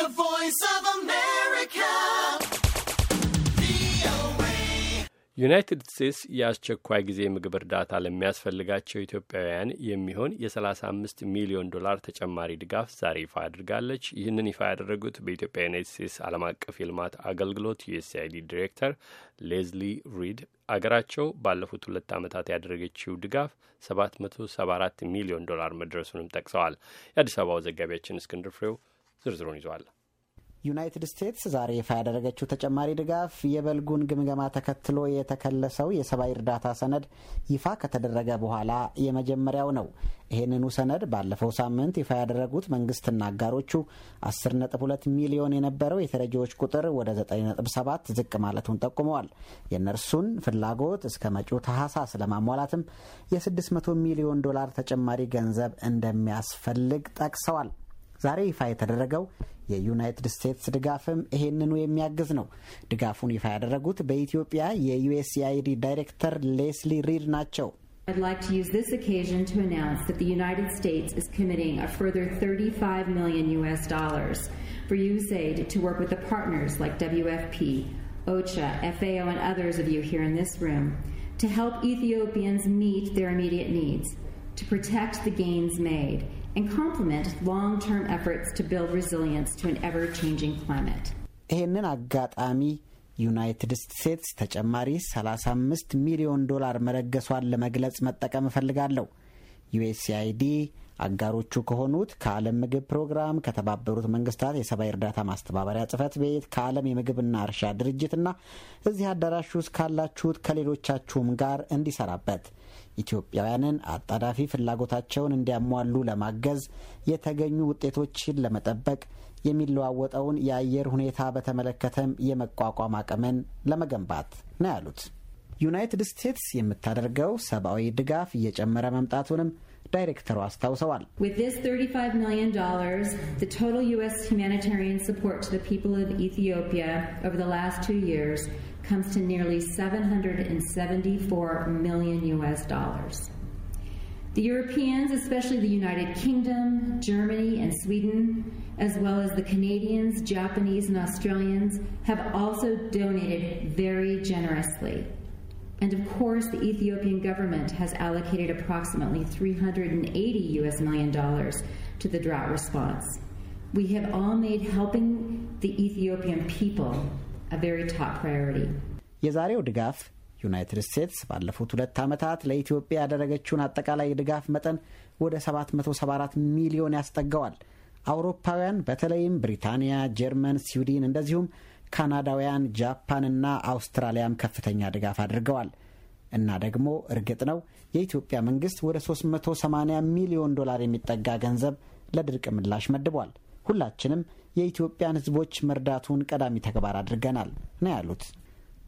The Voice of America. ዩናይትድ ስቴትስ የአስቸኳይ ጊዜ ምግብ እርዳታ ለሚያስፈልጋቸው ኢትዮጵያውያን የሚሆን የ35 ሚሊዮን ዶላር ተጨማሪ ድጋፍ ዛሬ ይፋ አድርጋለች። ይህንን ይፋ ያደረጉት በኢትዮጵያ ዩናይትድ ስቴትስ ዓለም አቀፍ የልማት አገልግሎት ዩኤስአይዲ ዲሬክተር ሌዝሊ ሪድ አገራቸው ባለፉት ሁለት ዓመታት ያደረገችው ድጋፍ 774 ሚሊዮን ዶላር መድረሱንም ጠቅሰዋል። የአዲስ አበባው ዘጋቢያችን እስክንድር ፍሬው ዝርዝሩን ይዟል። ዩናይትድ ስቴትስ ዛሬ ይፋ ያደረገችው ተጨማሪ ድጋፍ የበልጉን ግምገማ ተከትሎ የተከለሰው የሰብአዊ እርዳታ ሰነድ ይፋ ከተደረገ በኋላ የመጀመሪያው ነው። ይህንኑ ሰነድ ባለፈው ሳምንት ይፋ ያደረጉት መንግስትና አጋሮቹ 10.2 ሚሊዮን የነበረው የተረጂዎች ቁጥር ወደ 9.7 ዝቅ ማለቱን ጠቁመዋል። የእነርሱን ፍላጎት እስከ መጪው ታህሳስ ለማሟላትም የ600 ሚሊዮን ዶላር ተጨማሪ ገንዘብ እንደሚያስፈልግ ጠቅሰዋል። ዛሬ ይፋ የተደረገው የዩናይትድ ስቴትስ ድጋፍም ይህንኑ የሚያግዝ ነው። ድጋፉን ይፋ ያደረጉት በኢትዮጵያ የዩኤስኤአይዲ ዳይሬክተር ሌስሊ ሪድ ናቸው። I'd like to use this occasion to announce that the United States is committing a further 35 million US dollars for USAID to work with the partners like WFP, OCHA, FAO, and others of you here in this room to help Ethiopians meet their immediate needs, to protect the gains made, and complement long term efforts to build resilience to an ever changing climate. ይህንን አጋጣሚ ዩናይትድ ስቴትስ ተጨማሪ 35 ሚሊዮን ዶላር መለገሷን ለመግለጽ መጠቀም እፈልጋለሁ። ዩኤስኤአይዲ አጋሮቹ ከሆኑት ከዓለም ምግብ ፕሮግራም፣ ከተባበሩት መንግስታት የሰብአዊ እርዳታ ማስተባበሪያ ጽህፈት ቤት፣ ከዓለም የምግብና እርሻ ድርጅትና እዚህ አዳራሽ ውስጥ ካላችሁት ከሌሎቻችሁም ጋር እንዲሰራበት ኢትዮጵያውያንን አጣዳፊ ፍላጎታቸውን እንዲያሟሉ ለማገዝ የተገኙ ውጤቶችን ለመጠበቅ የሚለዋወጠውን የአየር ሁኔታ በተመለከተም የመቋቋም አቅምን ለመገንባት ነው ያሉት። ዩናይትድ ስቴትስ የምታደርገው ሰብአዊ ድጋፍ እየጨመረ መምጣቱንም ዳይሬክተሩ አስታውሰዋል። ስ comes to nearly 774 million US dollars. The Europeans, especially the United Kingdom, Germany, and Sweden, as well as the Canadians, Japanese, and Australians, have also donated very generously. And of course, the Ethiopian government has allocated approximately 380 US million dollars to the drought response. We have all made helping the Ethiopian people የዛሬው ድጋፍ ዩናይትድ ስቴትስ ባለፉት ሁለት ዓመታት ለኢትዮጵያ ያደረገችውን አጠቃላይ ድጋፍ መጠን ወደ 774 ሚሊዮን ያስጠጋዋል። አውሮፓውያን በተለይም ብሪታንያ፣ ጀርመን፣ ስዊድን እንደዚሁም ካናዳውያን፣ ጃፓንና አውስትራሊያም ከፍተኛ ድጋፍ አድርገዋል። እና ደግሞ እርግጥ ነው የኢትዮጵያ መንግስት ወደ 380 ሚሊዮን ዶላር የሚጠጋ ገንዘብ ለድርቅ ምላሽ መድቧል። ሁላችንም የኢትዮጵያን ሕዝቦች መርዳቱን ቀዳሚ ተግባር አድርገናል ነው ያሉት።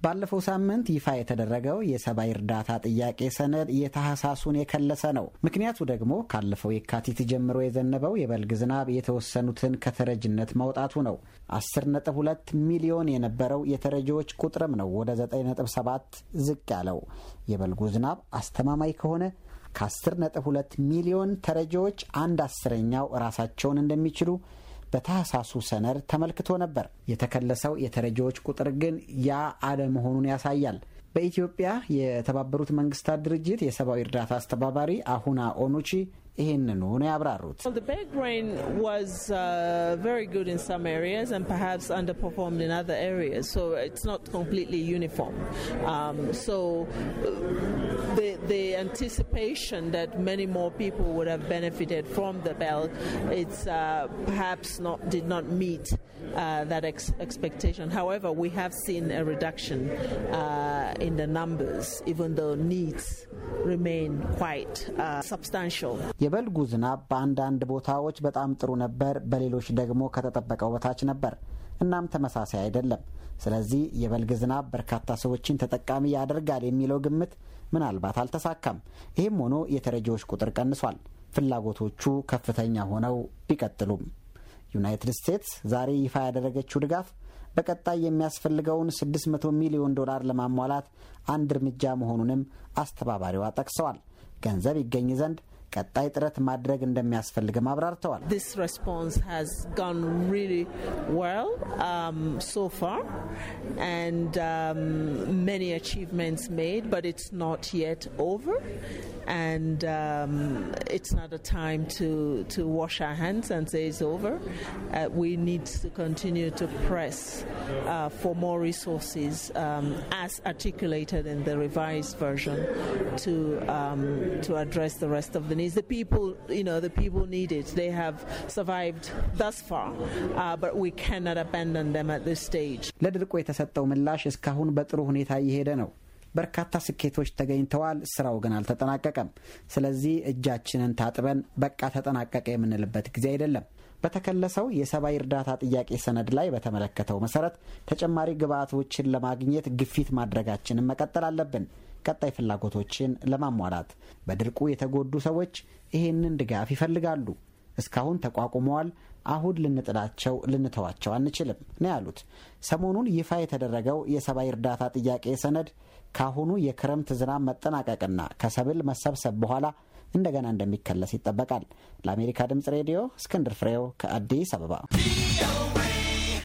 ባለፈው ሳምንት ይፋ የተደረገው የሰብአዊ እርዳታ ጥያቄ ሰነድ የታህሳሱን የከለሰ ነው። ምክንያቱ ደግሞ ካለፈው የካቲት ጀምሮ የዘነበው የበልግ ዝናብ የተወሰኑትን ከተረጅነት ማውጣቱ ነው። 10.2 ሚሊዮን የነበረው የተረጂዎች ቁጥርም ነው ወደ 9.7 ዝቅ ያለው። የበልጉ ዝናብ አስተማማኝ ከሆነ ከ10.2 ሚሊዮን ተረጂዎች አንድ አስረኛው ራሳቸውን እንደሚችሉ በታህሳሱ ሰነድ ተመልክቶ ነበር። የተከለሰው የተረጂዎች ቁጥር ግን ያ አለመሆኑን ያሳያል። በኢትዮጵያ የተባበሩት መንግስታት ድርጅት የሰብአዊ እርዳታ አስተባባሪ አሁና ኦኑቺ the background was uh, very good in in some areas areas, and perhaps underperformed other so it's not completely uniform. Um, so, uh, The anticipation that many more people would have benefited from the bell, it's uh, perhaps not did not meet that expectation. However, we have seen a reduction in the numbers, even though needs remain quite substantial. የበልጉ ዝናብ በአንዳንድ ቦታዎች በጣም ጥሩ ነበር፣ በሌሎች ደግሞ ከተጠበቀው በታች ነበር። እናም ተመሳሳይ አይደለም። ስለዚህ የበልግ ዝናብ በርካታ ሰዎችን ተጠቃሚ ያደርጋል የሚለው ግምት ምናልባት አልተሳካም። ይህም ሆኖ የተረጂዎች ቁጥር ቀንሷል፣ ፍላጎቶቹ ከፍተኛ ሆነው ቢቀጥሉም። ዩናይትድ ስቴትስ ዛሬ ይፋ ያደረገችው ድጋፍ በቀጣይ የሚያስፈልገውን 600 ሚሊዮን ዶላር ለማሟላት አንድ እርምጃ መሆኑንም አስተባባሪዋ ጠቅሰዋል። ገንዘብ ይገኝ ዘንድ ቀጣይ ጥረት ማድረግ እንደሚያስፈልግም አብራርተዋል። and um, it's not a time to, to wash our hands and say it's over. Uh, we need to continue to press uh, for more resources um, as articulated in the revised version to, um, to address the rest of the companies. The people, you know, the people need it. They have survived thus far, uh, but we cannot abandon them at this stage. የተሰጠው ምላሽ እስካሁን በጥሩ ሁኔታ እየሄደ ነው። በርካታ ስኬቶች ተገኝተዋል። ስራው ግን አልተጠናቀቀም። ስለዚህ እጃችንን ታጥበን በቃ ተጠናቀቀ የምንልበት ጊዜ አይደለም። በተከለሰው የሰብአዊ እርዳታ ጥያቄ ሰነድ ላይ በተመለከተው መሰረት ተጨማሪ ግብአቶችን ለማግኘት ግፊት ማድረጋችንን መቀጠል አለብን። ቀጣይ ፍላጎቶችን ለማሟላት በድርቁ የተጎዱ ሰዎች ይህንን ድጋፍ ይፈልጋሉ። እስካሁን ተቋቁመዋል። አሁን ልንጥላቸው ልንተዋቸው አንችልም ነው ያሉት። ሰሞኑን ይፋ የተደረገው የሰብአዊ እርዳታ ጥያቄ ሰነድ ካሁኑ የክረምት ዝናብ መጠናቀቅና ከሰብል መሰብሰብ በኋላ እንደገና እንደሚከለስ ይጠበቃል። ለአሜሪካ ድምፅ ሬዲዮ እስክንድር ፍሬው ከአዲስ አበባ